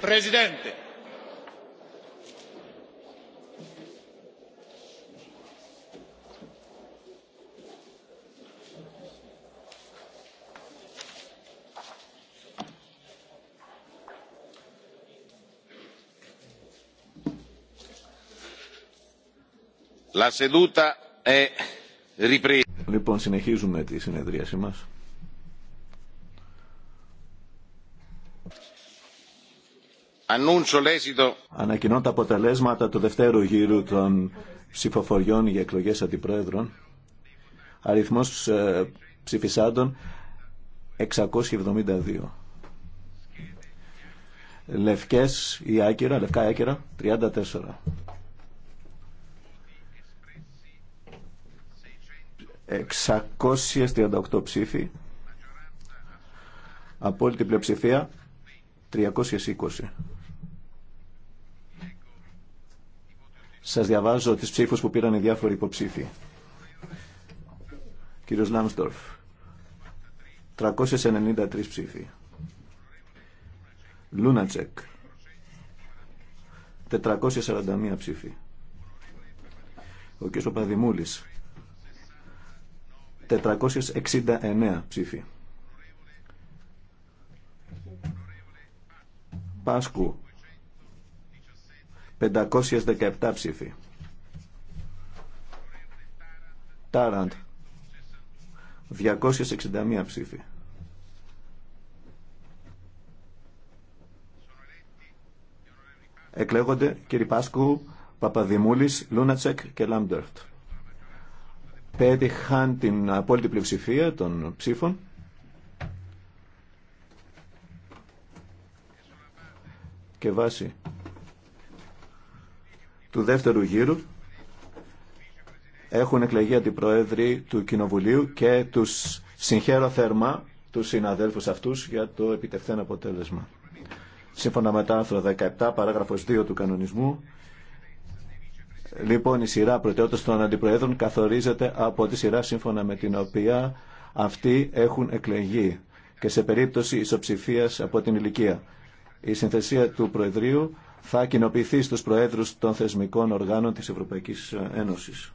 presidente la seduta è ripresa. Λοιπόν, συνεχίζουμε τη συνεδρίαση μας. Ανακοινώ τα αποτελέσματα του δευτέρου γύρου των ψηφοφοριών για εκλογές αντιπρόεδρων. Αριθμός ε, ψηφισάντων 672. Λευκές ή άκυρα, λευκά άκυρα 34. ...638 ψήφοι... ...απόλυτη πλειοψηφία... ...320. Σας διαβάζω τις ψήφους που πήραν οι διάφοροι υποψήφοι. Κύριος Λάμστορφ, 393 ψήφοι. Λούνατσεκ, 441 ψήφοι. Ο κ. Παδημούλης, 469 ψήφοι. Πάσκου, 517 ψήφοι. Τάραντ. 261 ψήφοι. Εκλέγονται κύριοι Πάσκου, Παπαδημούλης, Λούνατσεκ και Λάμπτερτ. Πέτυχαν την απόλυτη πλειοψηφία των ψήφων. Και βάσει του δεύτερου γύρου έχουν εκλεγεί αντιπροέδροι του Κοινοβουλίου και τους συγχαίρω θερμά τους συναδέλφους αυτούς για το επιτευχθέν αποτέλεσμα. Σύμφωνα με τα άρθρο 17, παράγραφος 2 του κανονισμού, λοιπόν η σειρά προτεραιότητας των αντιπροέδρων καθορίζεται από τη σειρά σύμφωνα με την οποία αυτοί έχουν εκλεγεί και σε περίπτωση ισοψηφίας από την ηλικία. Η συνθεσία του Προεδρείου θα κοινοποιηθεί στους Προέδρους των θεσμικών οργάνων της Ευρωπαϊκής Ένωσης.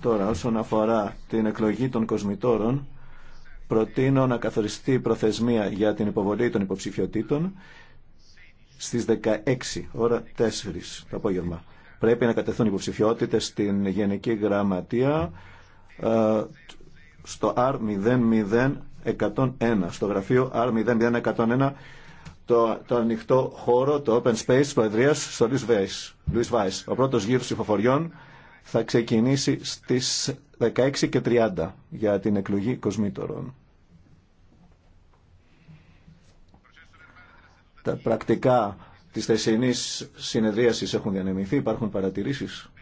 Τώρα, όσον αφορά την εκλογή των κοσμητόρων, προτείνω να καθοριστεί προθεσμία για την υποβολή των υποψηφιωτήτων στις 16 ώρα 4 το απόγευμα. Πρέπει να κατεθούν υποψηφιότητες στην Γενική Γραμματεία ε, στο R00101, στο γραφείο R00101 το, το ανοιχτό χώρο, το open space Προεδρία στο Louis Weiss. Ο πρώτος γύρος ψηφοφοριών θα ξεκινήσει στις 16.30 για την εκλογή κοσμήτωρων. Τα πρακτικά της θεσινής συνεδρίασης έχουν διανεμηθεί, υπάρχουν παρατηρήσεις.